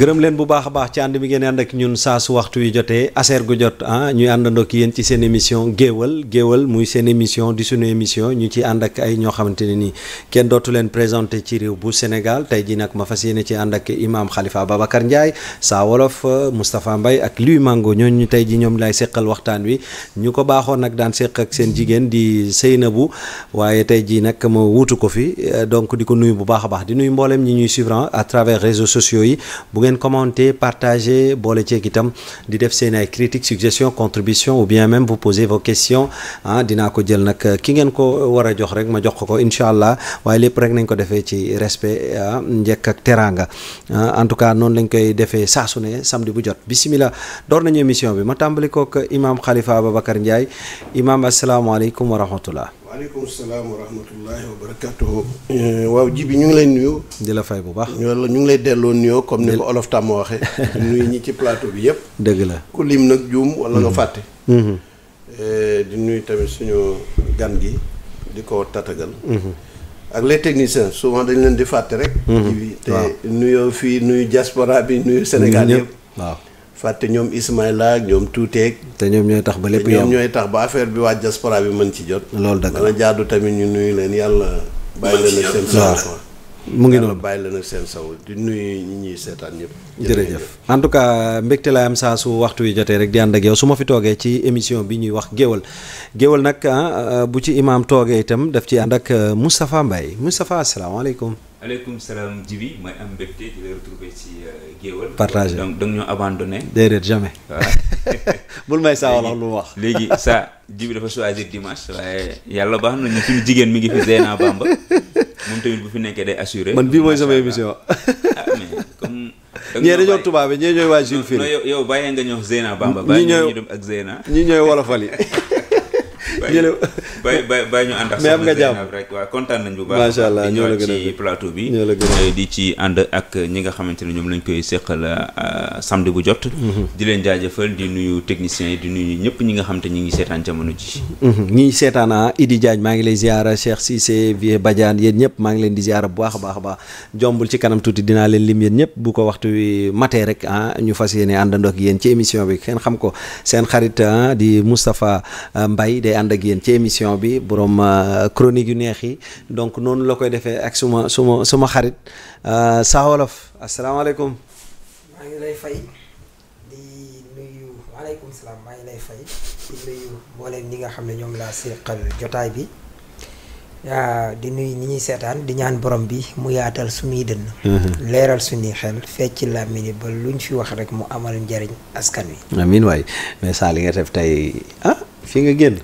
gërëm leen bu baax a baax ci ànd bi ngeen ànd ak ñun saa su waxtu wi jotee aseer gu jot ah ñuy àndandoo ak yéen ci seen émission géewal géewal muy seen émission di sunu émission ñu ci ànd ak ay ñoo xamante ne nii kenn dootu leen présenté ci réew bu Sénégal tey ji nag ma fas yéene ci ànd ak imaam Khalifa Babacar Ndiaye saa wolof Moustapha mbay ak Louis Mango ñooñu tey ji ñoom lay seqal waxtaan wi ñu ko baaxoon nag daan seq ak seen jigéen di bu waaye tey jii nag ma wuutu ko fi eh, donc di ko nuyu bu baax a di nuyu mboolem ñi ñuy suivre ah, à travers réseaux sociaux yi ngeen commenter partager boole ceeg itam di def seen ay critiques suggestions contribution ou bien même vous posez vos questions ah dinaa ko jël nag euh, ki ngeen ko war a jox rek ma jox ko ko incha allah waaye lépp rek nañ ko defee ci respect ah, njëkk ak teraanga ah, en tout cas noonu lañ koy defee saa su ne samedi bu jot bisimilah door nañu émission bi ma tàmbali kook imaam Khalifa Ababacar Ndiaye imaam asalaamaaleykum wa rahmatullah waaleykum salaam wa rahmatullahi eh, waaw ji bi ñu ngi lay nuyu. di la fay bu baax. ñu ngi lay delloo nuyoo comme ni ko olof tàmm waxee. nuyu ñi ci plateau bi yëpp. dëgg la ku lim nag juum wala nga mm-hmm. fàtte. Mm-hmm. Eh, di nuyu tamit suñu gan gi di ko tatagal. Mm-hmm. ak les techniciens souvent dañ leen di fàtte rek. ji nuyoo fii nuyu diaspora bi nuyu Sénégal yëpp waaw. fàtte ñoom Ismaïla ak ñoom Tuuteeg. te ñoom ñooy tax ba lépp yem ñoom ñooy tax ba bi waa diaspora bi mën ci jot. loolu dëgg la jaadu tamit ñu nuyu leen yàlla. bàyyi leen ak seen saw mu ngi bàyyi leen seen saw di nuyu ñi ñuy seetaan ñëpp. jërëjëf en tout cas mbégte laa am saa su waxtu wi jotee rek di ànd ak yow su ma fi toogee ci émission bi ñuy wax géwal géwal nag ah, bu ci imaam toogee itam daf ci ànd ak euh, Moustapha Mbaye Moustapha asalaamaaleykum. aleykum salaam Djiby mooy am mbégte di la retrouver ci euh, Géwal. partagé donc da ñoo abandonné. déedéet jamais. bul may saa wala lu wax. léegi saa Djiby dafa choisir dimanche. waaye yàlla baax na ñu suñu jigéen mi ngi fi Zeyna Bamba moom tamit bu fi nekkee day assuré. man bii mooy sama émission. ah mais dañoo tubaab ñee ñooy waa Jules yow bàyyee nga ñoo Zeyna Bamba. ñi ñooy bàyyi ñu dem ak ñooy wolofal yi. ñu bay bay bay ñu ànd ak. mais am rek waaw kontaan nañu bu baax. macha allah ñoo la gën a ci bi. a di ci ànd ak ñi nga xamante ne ñoom lañ koy seqal euh, samedi bu jot. Mhm. di leen jaajëfal di nuyu techniciens yi di nuyu ñëpp ñi nga xam te ñi ngi seetaan jamono ji. Mhm. ñi seetaan ah Idi maa ngi lay ziara Cheikh Cissé Vieux Badiane yéen ñëpp maa ngi leen di ziara bu baax a baax a baax jombul ci kanam tuuti dinaa leen lim ñëpp bu ko waxtu wi matee rek ah ñu fas yéene àndandoo yéen ci émission bi kenn xam ko seen xarit ah, di mustafa ah, mbay day ànd ànd ak ci émission bi borom euh, chronique yu neex yi donc noonu la koy defee ak suma suma suma xarit euh, Saa Wolof asalaamaaleykum. maa ngi lay fay di nuyu waaleykum salaam maa ngi lay fay di nuyu mboolem ñi nga xam ne ñoom laa seqal jotaay bi. waaw di nuyu ñi ñuy seetaan di ñaan borom bi mu yaatal suñuy dënn mhm. leeral suñuy xel fecc làmmiñ ba luñ fi wax rek mu amal njariñ askan wi amin waay mais saa li nga def tey ah fi nga génn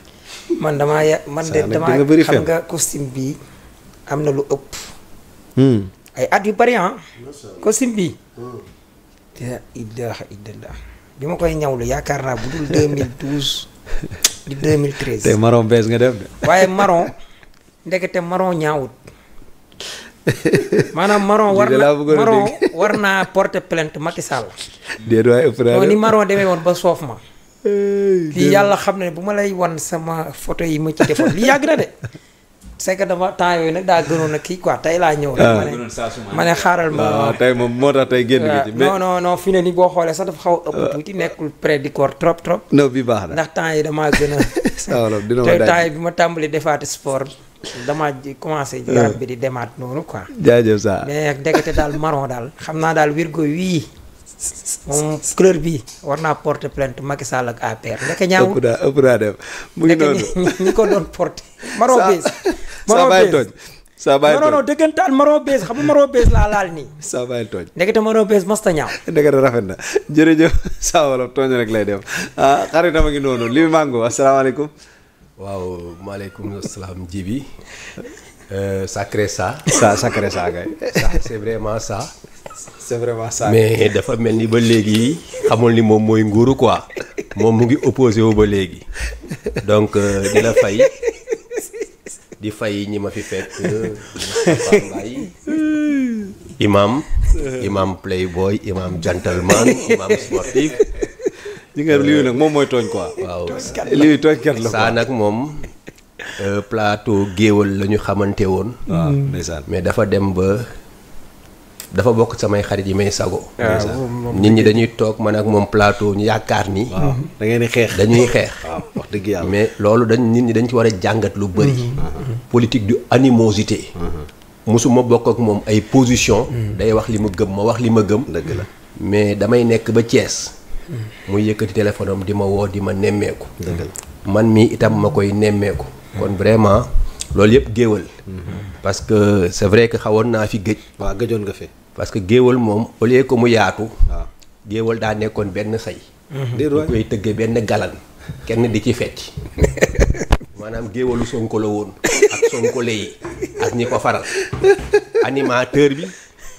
man damaa ya man de damaa xam nga costume bi am na lu ëpp. Hmm. ay at yu bari ah. costume bi. Hmm. la ilaha illallah bi ma koy ñawlu yaakaar naa bu dul 2012 di 2013. tey marron bees nga def de. waaye marron ndekete marron ñaawut. maanaam Maron war na Maron war naa porter plainte Macky Sall. déedéet waay ëpp naa ni Maron demee woon ba soof ma. lii yàlla xam ne bu ma lay wan sama photo yi ma ci defoon li yàgg na de c'est que dama temps yooyu nag daa gënoon a kii quoi tey laa ñëw rek ah. ma ne ma xaaral ma ah, tey moom moo tax tey génn gi fi ne ni boo xoolee sax dafa xaw a ah. nekkul près du corps trop trop baax na ndax temps yi damaa gën a te temps bi ma tàmbali defaat sport damaa commencé yaram bi di demaat noonu quoi jaajëf saa mais ndekete daal maron daal xam naa daal wirgo wii moom couleur bi war naa porter plainte Macky Sall ak APR. nekk ñaawul ëpp daa ëpp daa dem mu ngi noonu ñi ko doon porter. marron bees laa laal nii. saa bàyyi tooñ ndekete marron bees ñaaw. ndekete rafet na jërëjëf saa wolof tooñ rek lay def ah xaritam a ngi noonu li mango asalaamaaleykum. waaw maaleykum salaam jibi euh, sacré ça. ça sacré ça kay. c'est vraiment ça. c'est vraiment mais dafa mel ni ba léegi xamul ni moom mooy nguuru quoi moom mu ngi opposé ba léegi donc euh, di la fay di fay ñi ma fi fekk imam imam playboy imam gentleman imam sportif. li nga lii nag moom mooy tooñ quoi. Euh, plateau géewal la xamante woon. mais dafa dem ba. dafa bokk samay xarit yi may sago. Ah, nit ñi dañuy toog man ak moom plateau ñu yaakaar ni. da ngeen xeex dañuy xeex. wax dëgg yàlla mais loolu dañ nit ñi dañ ci war a jàngat lu bëri. Mm-hmm. Mm-hmm. politique du animosité. Mm-hmm. musuma bokk ak moom ay position day wax li ma gëm ma wax li ma gëm. dëgg la mais damay nekk ba Thiès. muy yëkkati téléphone am di ma woo di ma nemmeeku. man mii itam ma koy nemmeeku. kon vraiment. loolu yëpp géewal parce que c'est vrai que xawoon naa fi géej waa géjoon nga fi parce que géewal moom au lieu que mu yaatu waaw daa nekkoon benn say mm-hmm. di koy tëggee benn galan kenn di ci fecc maanaam géewalu sonko la woon ak sonkole yi ak ñi ko faral animateur bi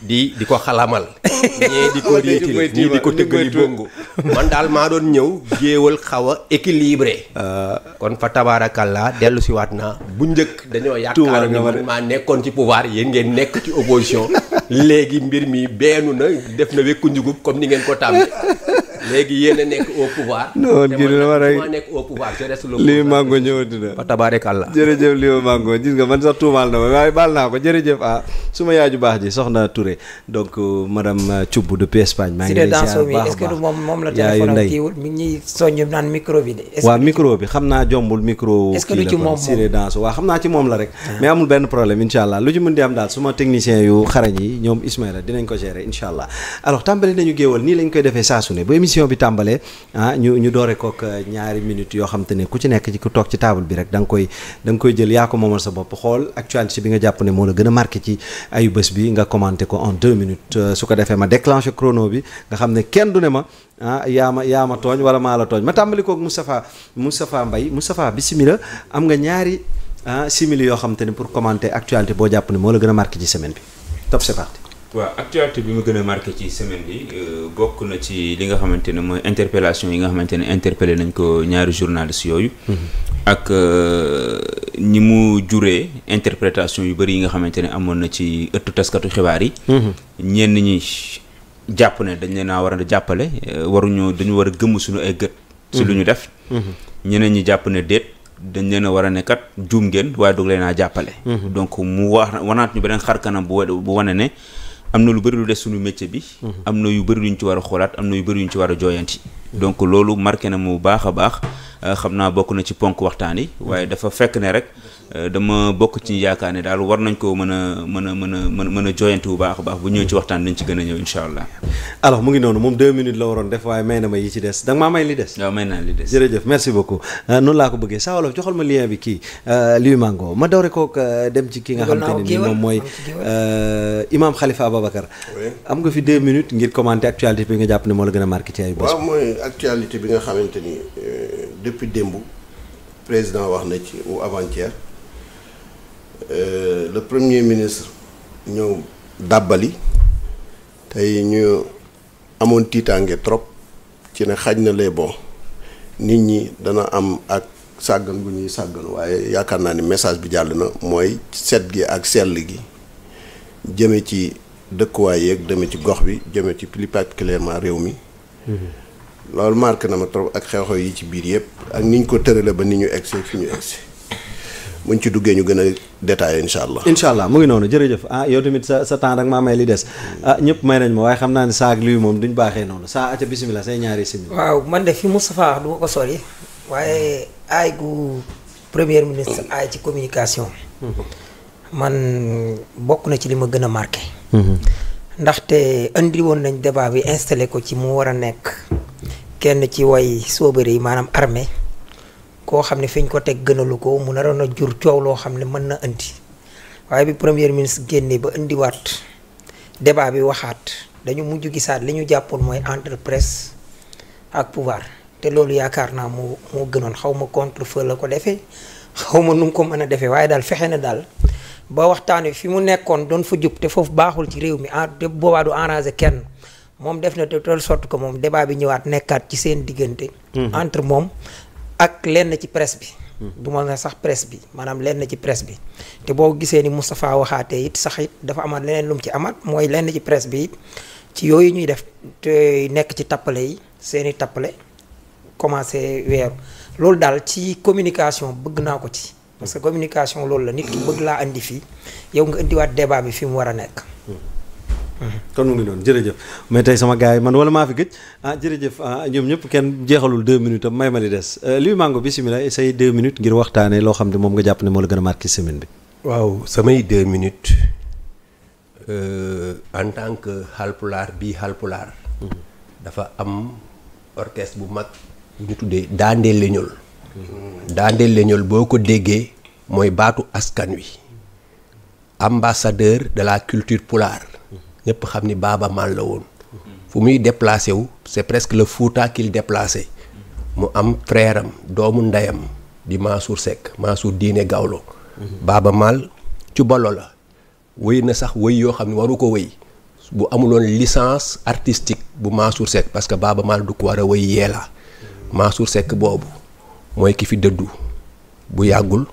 di di ko xalamal ñee di ko réetil ñii di ko tëggali bongo man daal maa doon ñëw géewal xaw a équilibré. Euh. kon fa tabaarakàllaa dellu si waat naa bu njëkk dañoo yaakaar ne ma nekkoon ci pouvoir yéen ngeen nekk ci opposition léegi mbir mi beenu na def na wekku njugub comme ni ngeen ko tàmbee léegi yéen a nekk au pouvoir. non kii la war a lii mango ñëwati ba tabaarakàlla. jërëjëf lii mango gis nga man sax tuumaal na ma waaye baal naa ko jërëjëf ah suma yaaju baax ji soxna Touré donc euh, madame euh, Thioub depuis Espagne. maa ngi lay ziar bu baax a baax moom la téléphone am kiiwul mi ngi soññu naan micro bi de. waaw micro bi xam naa jombul micro. est-ce que du ci moom moom Siré Danso waaw xam naa la rek. Ah. mais lu ci mën di am daal suma technicien yu xarañ yi ñoom Ismaïla dinañ ko gérer incha allah alors nañu géewal nii lañ koy defee saa émission bi tàmbalee ah ñu ñu doore kook eh, ñaari minutes yoo xam ne ku ci nekk ci ku toog ci table bi rek da koy da koy jël yaa ko moomal sa bopp xool actualité bi nga jàpp ne moo la gën a marqué ci ayu bés bi nga commenté ko en deux minutes euh, su ko defee ma déclenché chrono bi nga xam ne kenn du ne ma ah yaa ma yaa ma tooñ wala maa la tooñ ma tàmbali kook Moustapha mbay Mbaye Moustapha bisimilah am nga ñaari ah simili yoo xam te ne pour commenter actualité boo jàpp ne moo la gën a marqué ci semaine bi top c'est parti waaw actualité bi ma gën a marqué ci semaine bi euh, bokk na ci li nga xamante ne mooy interpellation yi nga xamante ne interpellé nañ ko ñaari journalistes yooyu. Mhm. ak ñi euh, mu juree interprétation yu bëri yi nga xamante ne amoon na ci ëttu taskatu xibaar yi. Mhm. ñenn ñi jàpp ne dañ leen a war a jàppale euh, waruñu dañu war a suñu ay lu mhm. ñu def. ñeneen ñi jàpp ne déet. leen a war nekkat juum ngeen waaye doog leen a jàppale. donc mu wax wanaat ñu beneen xar kanam bu wane ne. am na lu bëri lu des suñu métier bi. Mhm. am na yu bëri lu ñu ci war a xoolaat am na yu bëri yu ñu ci war a jooyanti. Mhm. donc loolu marqué na mu baax a baax euh, xam naa bokk na ci ponk waxtaan yi mhm. waaye dafa fekk ne rek. Euh, dama bokk ci yaakaar ne daal war nañ ko mën a mën a mën a mën mën a joyantu bu baax a baax bu ñëw ci waxtaan dañ ci gën a ñëw incha allah. alors mu ngi noonu moom deux minutes la waroon def waaye may na ma yi ci des da nga maa may li des. waaw may naa li des jërëjëf merci beaucoup. Euh, noonu laa ko bëggee Saa Wolof joxal ma lien bi kii euh, Louis Mango ma dawre ko dem ci ki nga xam te ni moom mooy Imam Khalifa Ababacar. am nga fi deux minutes ngir commenter actualité bi nga jàpp ne moo la gën a marqué ci ay bés. waaw mooy actualité bi nga xamante ni depuis démb président wax na ci ou avant-hier Euh, le premier ministre ñëw dàbbali tey ñu amoon tiitaange trop ci ne xaj na les bo nit ñi dana am ak sàggan bu ñuy sàggan waaye yaakaar naa ni message bi jàll na mooy set gi ak sell gi jëme ci dëkkuwaay yeeg jëme ci gox bi jëme ci plus particulièrement réew mi mhm. loolu marqué na ma trop ak xew-xew yi ci biir yëpp ak ni ñu ko tërale ba ni ñu egsi fi ñu egsi buñ ci duggee ñu gën a détaillé incha allah. incha allah mu ngi noonu jërëjëf ah yow mit sa sa temps rek maa may li des ah ñëpp may nañ ma waaye xam naa ne saag luy moom duñ baaxee noonu saa aca bisimilah say ñaari simili. waaw man de fi Moustapha wax du ma sol sori waaye aay gu premier ministre aay ci communication. man bokk na ci li ma gën a marqué. Mm-hmm. ndaxte andi woon nañ débat bi installé ko ci mu war a nekk kenn ci way soobare yi maanaam armée. koo xam ne fi ñu ko teg gënalu ko mu naroon a jur coow loo xam ne mën na indi waaye bi première ministre génnee ba indiwaat débat bi waxaat dañu mujj gisaat li ñu jàppoon mooy entre presse ak pouvoir te loolu yaakaar naa moo moo gënoon xaw ma contre feu la ko defee xaw ma nu mu ko mën a defee waaye daal fexe na daal ba waxtaan wi fi mu nekkoon doon fa jub te foofu baaxul ci réew mi en boobaa du kenn moom def na de telle sorte que moom débat bi ñëwaat nekkaat ci seen diggante. Hmm. entre moom ak lenn ci presse bi. du ma ne sax presse bi maanaam lenn ci presse bi te boo gisee ni Moustapha waxaatee it sax it dafa amaat leneen lu mu ci amaat mooy lenn ci presse bi it ci yooyu ñuy def te nekk ci tappale yi seeni tappale commencé weeru loolu daal ci communication bëgg naa ko ci. parce que communication loolu la nit ki bëgg laa indi fi yow nga indiwaat débat bi fi mu war a nekk. kon mu ngi noonu jërëjëf mais tey sama gars yi man wala maa fi gëj ah jërëjëf ah ñoom ñëpp kenn jeexalul deux minutes may ma li des euh, Luy Mango bisimilah say deux minutes ngir waxtaanee loo xam ne moom nga jàpp ne moo la gën a marqué semaine bi. waaw samay deux minutes euh, en tant que xalpulaar bii xalpulaar. dafa am orchestre bu mag bu ñu tuddee daandeel leñol. daandeel leñol boo ko déggee mooy baatu askan wi ambassadeur de la culture pulaar. ñëpp xam ni Baaba Maal la woon fu muy déplacé wu c'est presque le Fouta qu'il déplacé mu am frère doomu ndeyam di Mansour Seck Mansour Diine Gawlo Baaba Maal ci bolo la wëy na sax wëy yoo xam ne waru ko wëy bu amuloon licence artistique bu Mansour Seck parce que Baaba Maal du ko war a wëy yeelaa Mansour Seck boobu mooy ki fi dëddu bu yàggul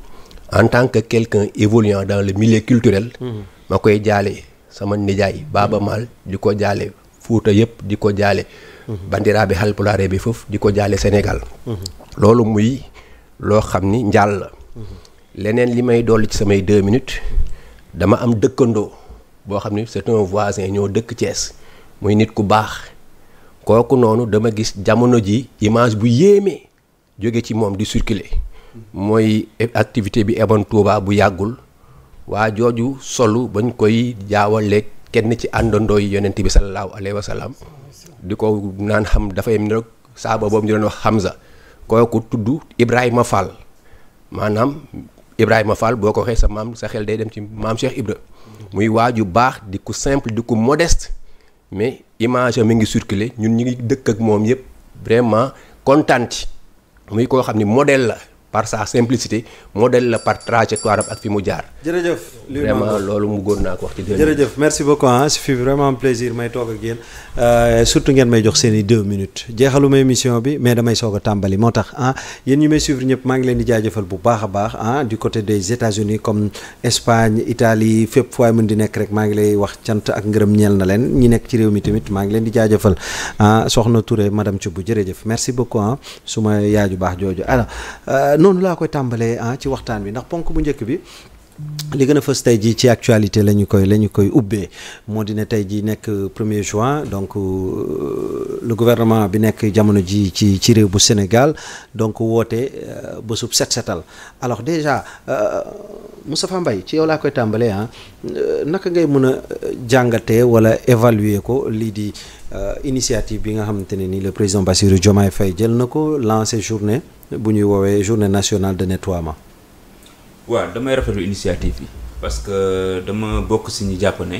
en tant que quelqu'un évoluant dans le milieu culturel mm-hmm. ma koy jaalee sama nijaay Baaba di ko jaale Fuuta yëpp di ko jaale bandiraaɓe halpulaare bi fof di ko jaale Sénégal loolu muy loo xam ni njaal la leneen li may dolli ci samay deux minutes dama am dëkkandoo boo xam ni c'est un voisin ñoo dëkk Thiès muy nit ku baax kooku noonu dama gis jamono ji image bu yéeme jóge ci moom di circuler mooy activité bi Ebon Touba bu yàggul waa jooju solu bañ koy jaawaleeg kenn ci àndandoo yi yonent bi salallaahu alayhi wa salaam di ko naan xam dafay niroog saaba boobu ñu doon wax Hamza kooku tudd Ibrahima Fall maanaam Ibrahima Fall boo ko waxee sa maam sa xel day dem ci maam Cheikh Ibra muy waaju baax di ku simple di ku modeste mais image mi ngi circuler ñun ñu ngi dëkk ak moom yëpp vraiment kontaan ci muy koo xam ni modèle la. par sa simplicité modèle la par trajectoire am ak fi mu jaar. jërëjëf li vraiment loolu mu góor naa ko wax ci deux jërëjëf merci beaucoup ah ce fut vraiment plaisir may toog euh, ngeen may jox seen i deux minutes jeexalu ma émission bi mais damay soog tàmbali moo tax yéen ñu may suivre ñëpp maa ngi leen di jaajëfal bu baax a baax ah du côté des États-Unis comme Espagne Italie fépp fooy mën di nekk rek maa ngi lay wax cant ak ngërëm ñeel na leen ñi nekk ci réew mi tamit maa ngi leen di jaajëfal ah soxna Touré madame Thioub jërëjëf merci beaucoup ah su ma yaaju baax jooju alors. Euh, noonu laa koy tàmbalee ah ci waxtaan bi ndax ponk bu njëkk bi. li gën a fës tey jii ci actualité la ñu koy lañu koy ubbee moo di ne tey jii nekk 1 join donc euh, le gouvernement bi nekk jamono ji ci ci réew bu Sénégal donc woote euh, bésub set setal alors déjà euh, Moustapha mbay ci yow laa koy tàmbalee ah naka ngay mën a jàngatee wala évaluer ko lii di initiative bi nga xamante ne ni le président Bassirou Diomaye Faye jël na ko lancé journée. bu ñuy woowee journée nationale de ma waaw damay rafetlu initiative bi parce que dama bokk si ñu jàpp ne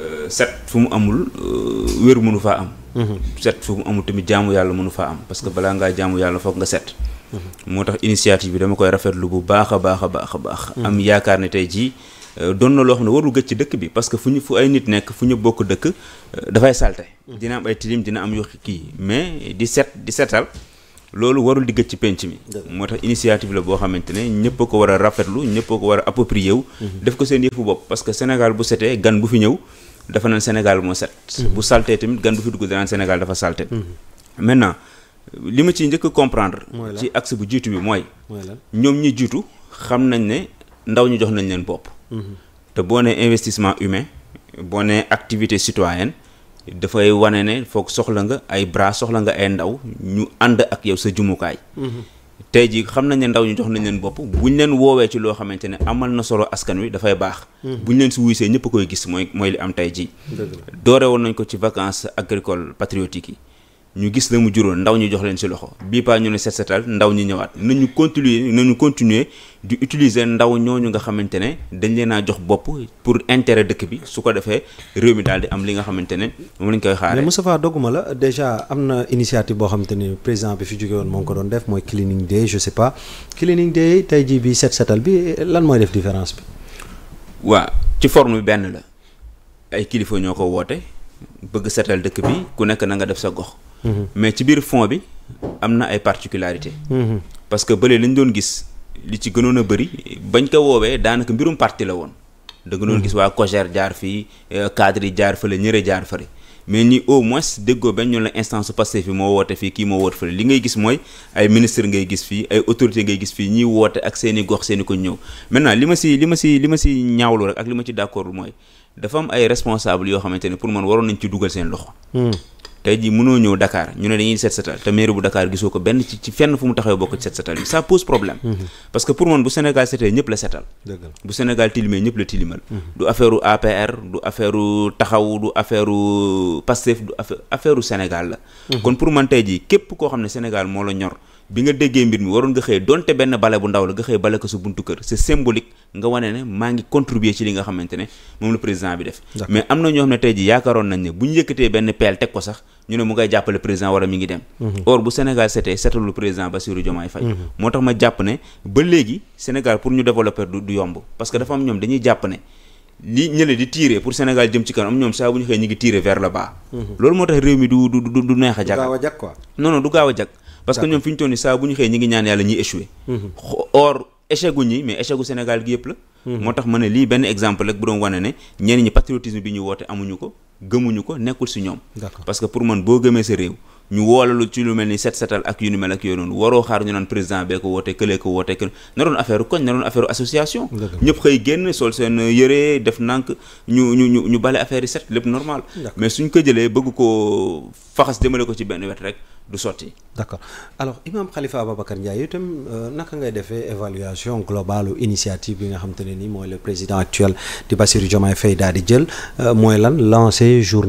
euh, set fu mu amul euh, wér mënu faa am. Mhm. set fu mu amul tamit jaamu yàlla mënu faa am parce que balaa ngaa jaamu yàlla foog nga set. Mhm. moo tax initiative bi dama koy rafetlu bu baax a baax a baax a baax. Mhm. am yaakaar ne tey jii euh, doon na loo xam ne warul gëj ci dëkk bi parce que fu ñu fu ay nit nekk fu ñu bokk dëkk dafay salte dina am ay tilim dina am yoo kii mais di set di setal. loolu warul di ci penc mi moo tax initiative la boo xamante ne ñëpp ko war a rafetlu ñëpp ko war a wu mhm. def ko seen yëfu bopp parce que Sénégal bu setee gan bu fi ñëw dafa naan Sénégal moo set mhm. bu saltee tamit gan bu fi dugg danaan Sénégal dafa salte mhm. maintenant li ma ciy njëkk comprendre ci axe bu jiitu bi mooy ñoom ñi jiitu xam nañ ne ndaw ñu jox nañ leen bopp te boo nee investissement humain boo nee activité citoyenne dafay wane ne foog soxla nga ay bras soxla nga ay ndaw ñu ànd ak yow sa jumukaay. Mhm. tey jii xam nañ ne ndaw ñu jox nañ leen bopp bu ñu leen woowee ci loo xamante ne amal na solo askan wi dafay baax. Mhm. bu ñu leen si wuysee ñëpp koy gis mooy mooy li am tey ji doore woon nañ ko ci vacances agricole patriotiques yi. ñu gis la mu juróon ndaw ñi jox leen si loxo bii paa ñu ne set setal ndaw ñi ñëwaat nañu continuer nañu continuer di utiliser ndaw ñooñu nga xamante ne dañ leen a jox bopp pour intérêt dëkk bi su ko defee réew mi daal di am li nga xamante ne moom lañ koy xaaree. mais Moustapha dogguma la déjà am na initiative boo xamante ni président bi fi jugee woon moo ko doon def mooy cleaning day je sais pas cleaning day tey jii bi set setal bi lan mooy def différence bi. waaw ci forme bi benn la ay kilifa ñoo ko woote bëgg setal dëkk ku nekk na nga def sa gox. mais ci biir fond bi am na ay particularités. parce que bële lañ doon gis li ci gënoon a bëri bañ ko woowee daanaka mbirum parti la woon. da nga doon gis waa COJER jaar fii cadre euh, yi jaar fële ñëre jaar fële mais ñi au moins déggoo benn ñoom la instance su Pastef fi moo woote fii kii moo woote fële li ngay gis mooy ay ministre ngay gis fii ay autorité ngay gis fii ñuy woote ak seen i gox seen ko ñëw maintenant li ma si li ma si li ma si ñaawlu rek ak li ma ci d'accord mooy dafa am ay responsable yoo xamante ne pour man waroon nañ ci dugal seen loxo. Hmm. tey jii mënoo ñëw dakaar ñu ne dañuy set setal te mairie bu dakaar gisoo ko benn ci ci fenn fu mu taxawee bokk ci set setal bi ça pose problème mhm. parce que pour man bu Sénégal setee ñëpp la setal bu Sénégal tilimee ñëpp la tilimal mhm. du affaire u APR du affaire taxaw du affaire u Pastef du affaire u Sénégal la mhm. kon pour man tey jii képp koo xam ne Sénégal moo la ñor bi nga déggee mbir mi waroon nga xëy donte benn bale bu ndaw la nga xëy bale ko buntu kër c'est symbolique nga wane ne maa ngi contribuer ci li nga xamante ne moom la président bi def mais am na ñoo xam ne tey ji yaakaaroon nañ ne bu ñu yëkkatee benn peel teg ko sax ñu ne mu ngay jàppale président war a mi ngi dem mhm. or bu Sénégal setee setalu président Bassirou mhm. moo tax ma jàpp ne ba léegi Sénégal pour ñu développer du yomb parce dafa am ñoom dañuy jàpp ne li ñële di tirer pour Sénégal jëm ci kanam am ñoom saa bu ñu xëy ñu ngi tirer vers le bas mhm. loolu parce que ñoom fi ñu toll nii saa bu ñu xëyee ñi ngi ñaan yàlla ñuy échoué mhm. or échec ñi mais échec Sénégal gi yëpp la mhm. moo tax ma ne lii benn exemple rek bu doon wane ne ñenn ñi patriotisme bi ñu woote amuñu ko gëmuñu ko nekkul si ñoom parce que pour man boo gëmee sa réew ñu woolalu ci lu mel ni set setal ak yu ni mel ak yooyu noonu waroo xaar ñu naan président bee ko woote këlee ko woote kële na doon affaire koñ na doon affaire association ñëpp xëy génn def nànk ñu ñu ñu ñu bale affaire yi set lépp normal mais suñ ko jëlee bëgg ko faxas jëmale ko ci benn wet rek du sotti. d'accord alors Imam Khalifa Ababacar Ndiaye tam euh, naka ngay defee évaluation globale initiative yi nga xam te ne nii mooy le président actuel di Bassirou Diomaye Faye daal di jël euh, mooy lan lancer journée.